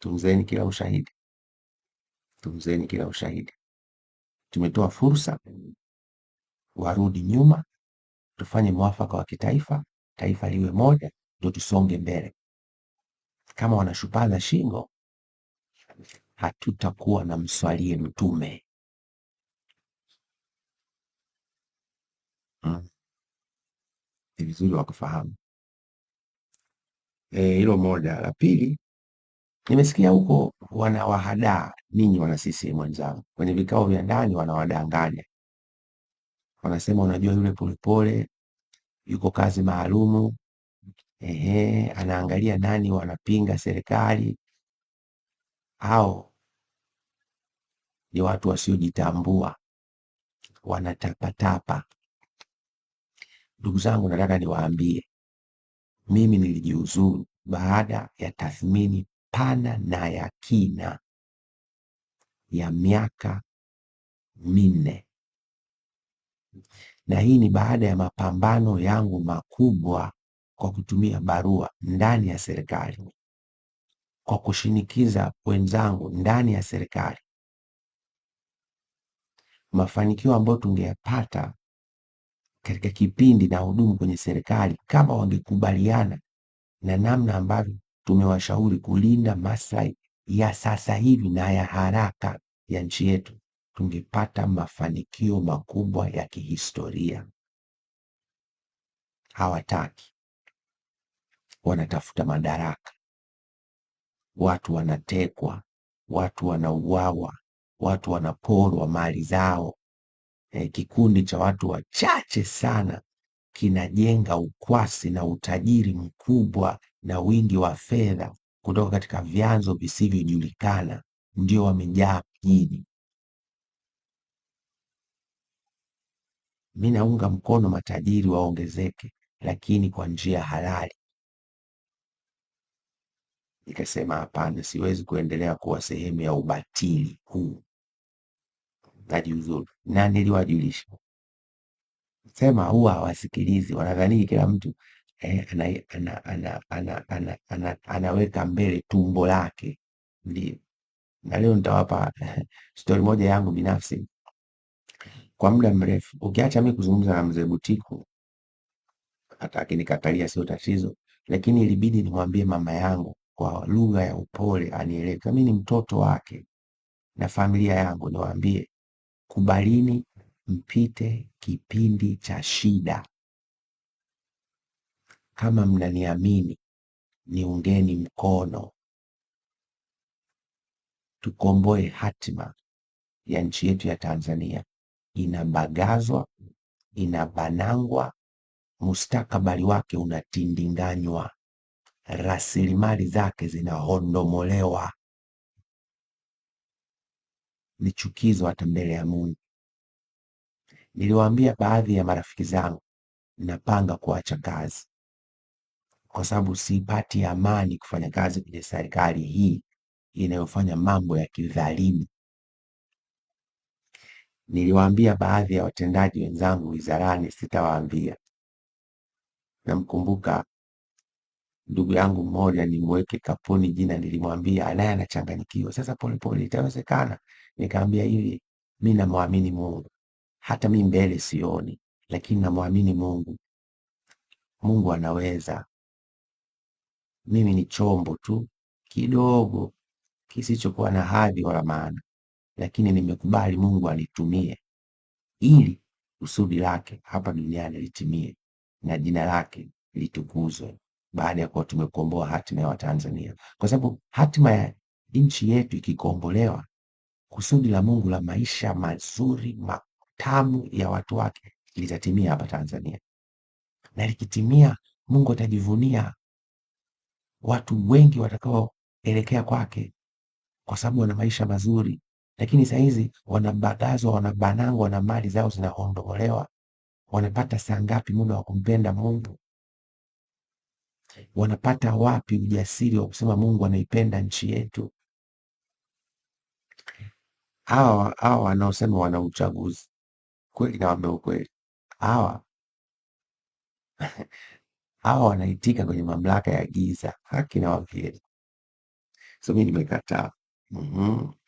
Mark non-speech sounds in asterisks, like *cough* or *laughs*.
Tunzeni kila ushahidi, tunzeni kila ushahidi. Tumetoa fursa warudi nyuma, tufanye mwafaka wa kitaifa, taifa liwe moja, ndio tusonge mbele. Kama wanashupaza shingo, hatutakuwa na mswalie mtume mm. ni hmm. Vizuri wakufahamu eh, hilo moja. La pili Nimesikia huko wanawahadaa ninyi wana CCM wenzangu, kwenye vikao vya ndani wanawadanganya, wanasema unajua, yule Polepole yuko kazi maalumu, ehe, anaangalia nani wanapinga serikali. au ni watu wasiojitambua, wanatapatapa. Ndugu zangu, nataka niwaambie, mimi nilijiuzuru baada ya tathmini pana na ya kina ya miaka minne na hii ni baada ya mapambano yangu makubwa kwa kutumia barua ndani ya serikali, kwa kushinikiza wenzangu ndani ya serikali. Mafanikio ambayo tungeyapata katika kipindi na hudumu kwenye serikali kama wangekubaliana na namna ambavyo tumewashauri kulinda maslahi ya sasa hivi na ya haraka ya nchi yetu, tungepata mafanikio makubwa ya kihistoria. Hawataki, wanatafuta madaraka. Watu wanatekwa, watu wanauawa, watu wanaporwa mali zao. E, kikundi cha watu wachache sana kinajenga ukwasi na utajiri mkubwa na wingi wa fedha kutoka katika vyanzo visivyojulikana ndio wamejaa mjini. Mi naunga mkono matajiri waongezeke, lakini kwa njia halali. Nikasema hapana, siwezi kuendelea kuwa sehemu ya ubatili huu, najiuzuru. Na niliwajulisha sema, huwa hawasikilizi, wanadhani kila mtu Eh, anaweka mbele tumbo lake, ndio. Na leo nitawapa *laughs* stori moja yangu binafsi. Kwa muda mrefu, ukiacha mi kuzungumza na mzee Butiku, hata akinikatalia sio tatizo, lakini ilibidi nimwambie mama yangu kwa lugha ya upole anielewe. Mimi ni mtoto wake na familia yangu, niwaambie kubalini mpite kipindi cha shida kama mnaniamini, niungeni mkono tukomboe hatima ya nchi yetu ya Tanzania. Inabagazwa, inabanangwa, mustakabali wake unatindinganywa, rasilimali zake zinahondomolewa. Ni chukizo hata mbele ya Mungu. Niliwaambia baadhi ya marafiki zangu, napanga kuacha kazi kwa sababu sipati amani kufanya kazi kwenye serikali hii inayofanya mambo ya kidhalimu. Niliwaambia baadhi ya watendaji wenzangu wizarani, sitawaambia. Namkumbuka ndugu yangu mmoja, nimweke kapuni jina, nilimwambia naye anachanganyikiwa sasa, polepole itawezekana. Nikaambia hivi, mi namwamini Mungu, hata mi mbele sioni, lakini namwamini Mungu. Mungu anaweza mimi ni chombo tu kidogo kisichokuwa na hadhi wala maana, lakini nimekubali Mungu anitumie ili kusudi lake hapa duniani litimie na jina lake litukuzwe, baada ya kuwa tumekomboa hatima ya Watanzania, kwa sababu hatima ya nchi yetu ikikombolewa, kusudi la Mungu la maisha mazuri matamu ya watu wake litatimia hapa Tanzania, na likitimia, Mungu atajivunia watu wengi watakaoelekea kwake, kwa sababu wana maisha mazuri. Lakini saa hizi wanabagazwa, wanabanangwa na mali zao zinaondolewa. Wanapata saa ngapi muda wa kumpenda Mungu? Wanapata wapi ujasiri wa kusema Mungu anaipenda nchi yetu? Hawa hawa wanaosema wana uchaguzi kweli, na wameukweli hawa hawa wanaitika kwenye mamlaka ya giza, haki na wavyeli. So mi nimekataa. mm -hmm.